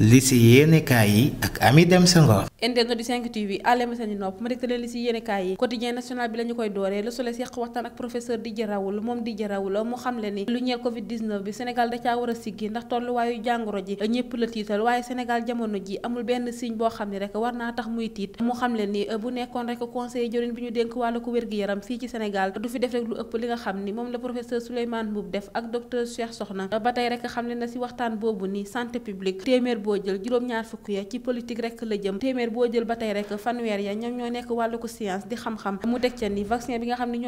li si yéenekaay yi ak Ami Dem Senghor. internet du 5 TV àlema seen nopp ma dégtale li si yéenekaay yi quotidien national bi la koy dooree Le Soleil seq waxtaan ak professeur Didier Raoult moom Didier Raoult mu xam le ni lu ñeel covid 19 bi Sénégal da caa war a siggi ndax tolluwaayu jàngoro ji ñëpp la tiital waaye Sénégal jamono ji amul benn signe boo xam ne rek war naa tax muy tiit mu xam le ni bu nekkoon rek conseiller jorin bi ñu dénk wàllu ko wér-gi-yaram fii ci Sénégal du fi def lu ëpp li nga xam ni moom la professeur Souleymane Mboub def ak docteur Soxna ba tey rek xam le si waxtaan boobu ni santé publique boo jël juróom-ñaar fukk ya ci politique rek la jëm téeméer boo jël ba tey rek fanweer ya ñoom ñoo nekk wàllu ko science di xam-xam mu teg bi nga xam ne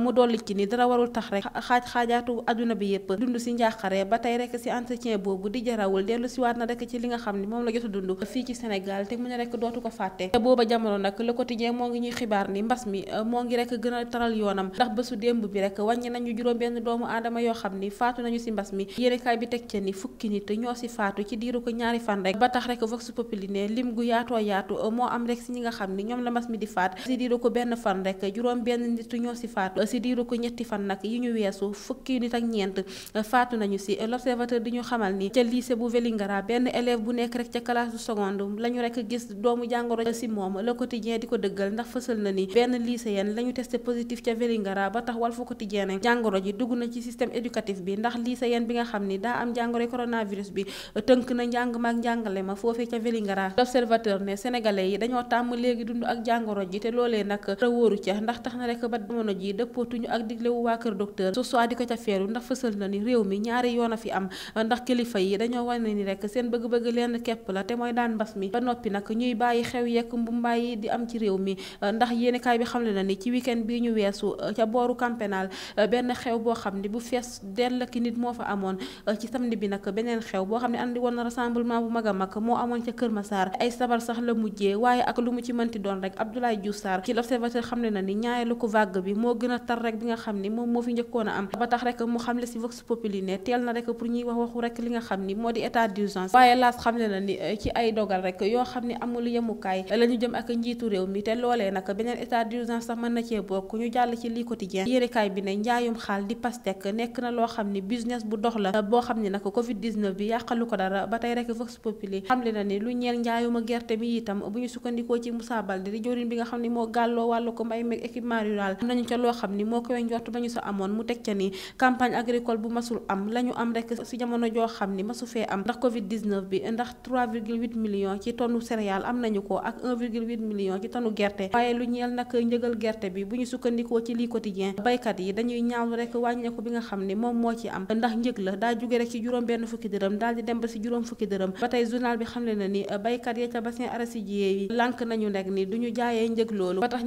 ñoo ci ni dara warul tax rek xaaj xaajaatu adduna bi yépp dund si njaaxare ba tey rek si entretien boobu di jarawul dellu si na rek ci li nga xam ni moom la jot a dund fii ci Sénégal te mu ne rek dootu ko fàtte te booba jamono nag le quotidien moo ngi ñuy xibaar ni mbas mi moo ngi rek gën a taral yoonam ndax bésu aadama yoo xam ni faatu nañu si mbas mi yéenekaay bi teg ca ni fukki nit ñoo si faatu ci diiru ko ñaari fan rek ba tax rek vox populi ne lim gu yaatoo yaatu moo am rek si ñi ñoom la mbas mi di faat si ko benn fan rek juróom benn nit ñoo si faatu si diiru ko ñetti fan nag yi ñu weesu fukki nit ak ñeent faatu nañu si l'observateur di ñu xamal ni ca lycée bu Vélingara benn élève bu nekk rek ca classe du seconde la ñu rek gis doomu jàngoro si moom le quotidien di ko dëggal ndax fësal na ni benn lycéen la ñu testé positif ca Vélingara ba tax wal Walf Quotidien jàngoro ji dugg na ci ci système éducatif bi ndax lycéen bi nga xam ni daa am jàngoro coronavirus bi tënk na njàng maak njàngale ma foofee ca Vélingara l'observateur ne sénégalais yi dañoo tàmm léegi dund ak jàngoro ji te loolee nag ra wóoru ca na ba jamono ji dëppootuñu ak diglewu waa kër docteur su soit di ko ca feeru ndax fësal na réew mi ñaari yoon a fi am ndax kilifa yi dañoo wane ni rek seen bëgg-bëgg leen képp la te mooy daan mbas mi ba noppi nag ñuy bàyyi xew yekk mbumbaay yi di am ci réew mi ndax yéenekaay bi xamle na ni ci week-end bii ñu weesu ca booru campenal bu fees dell ki nit moo fa amoon euh, ci samedi bi nag beneen xew boo xam ne andi woon rassemblement bu a mag moo amoon ca ak lu mu ci mënti doon rek Abdoulaye Diouf Sarr ci l'observateur bi moo gën a tar rek bi moom moo fi njëkkoon a am ba tax rek mu xam le si vox populi wax waxu rek li xam ni moo di état d'urgence waaye na ni euh, ci yoo xam ni amul yemukaay la ñu jëm ak njiitu réew mi te loolee nag beneen état d'urgence sax mën na cee bokk ñu jàll ci lii quotidien yérekaay bi ne njaayum xaal di pastèque nag nekk na loo xam ni business bu dox la boo xam ni nag Covid 19 bi yàqalu ko dara ba tey rek Vox Populi xamle na ni lu ñeel njaayuma gerte mi itam bu ñu sukkandikoo ci Moussa ko mbay meeg équipement rural am loo xam moo koy njort ba ñu sa amoon mu teg ca ni campagne am la ñu am rek si jamono joo xam ni masu fee am ndax Covid 19 bi ndax 3,8 millions ci tonne céréales am nañu ko ak 1,8 million ci tonne gerte waaye lu ñeel nag njëgal gerte bi bu sukkandikoo ci lii quotidien baykat yi dañuy ñaawlu rek wàññeeku bi nga xam ne moom moo ci am ndax njëg la daa jóge rek ci juróom benn fukki dërëm daal di dem ba si juróom fukki dërëm ba tey journal bi xam ne ñu jaayee njëg loolu ba tax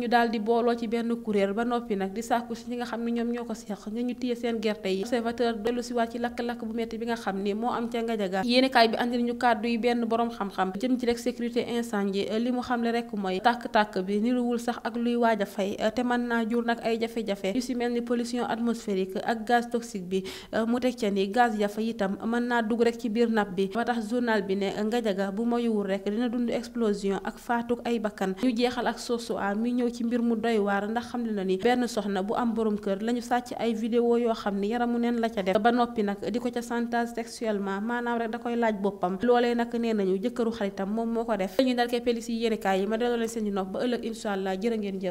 ci benn kuréel ba noppi nag di sàkku si ñi nga xam ne ñoom ñoo ko seq nga ñu téye seen gerte yi observateur dellu si waat ci lakk-lakk bu metti bi nga xam ne moo am ca ngajaga yéenekaay bi andi nañu kàddu yi benn borom xam-xam jëm ci rek sécurité incendie li mu xamle rek mooy tàkk-tàkk bi niruwul sax ak luy waaj a fay te mën naa jur nag ay jafe-jafe si mel ni pollution atmosphérique ak ak gaz toxique bi euh, mu teg ca ni gaz ya fa mën naa dugg rek ci biir napp bi ba tax journal bi ne Ngajaga bu moyuwul rek dina dund explosion ak faatuk ay bakkan ñu jeexal ak source a mi ñëw ci mbir mu doy waar ndax xam le na ni benn soxna bu am borom kër la ñu sàcc ay vidéo yoo xam ni mu neen la ca def ba noppi nag di ko ca chantage sexuellement maanaam rek da koy laaj boppam loolee nag nee nañu jëkkëru xaritam moom moo ko def dañuy dal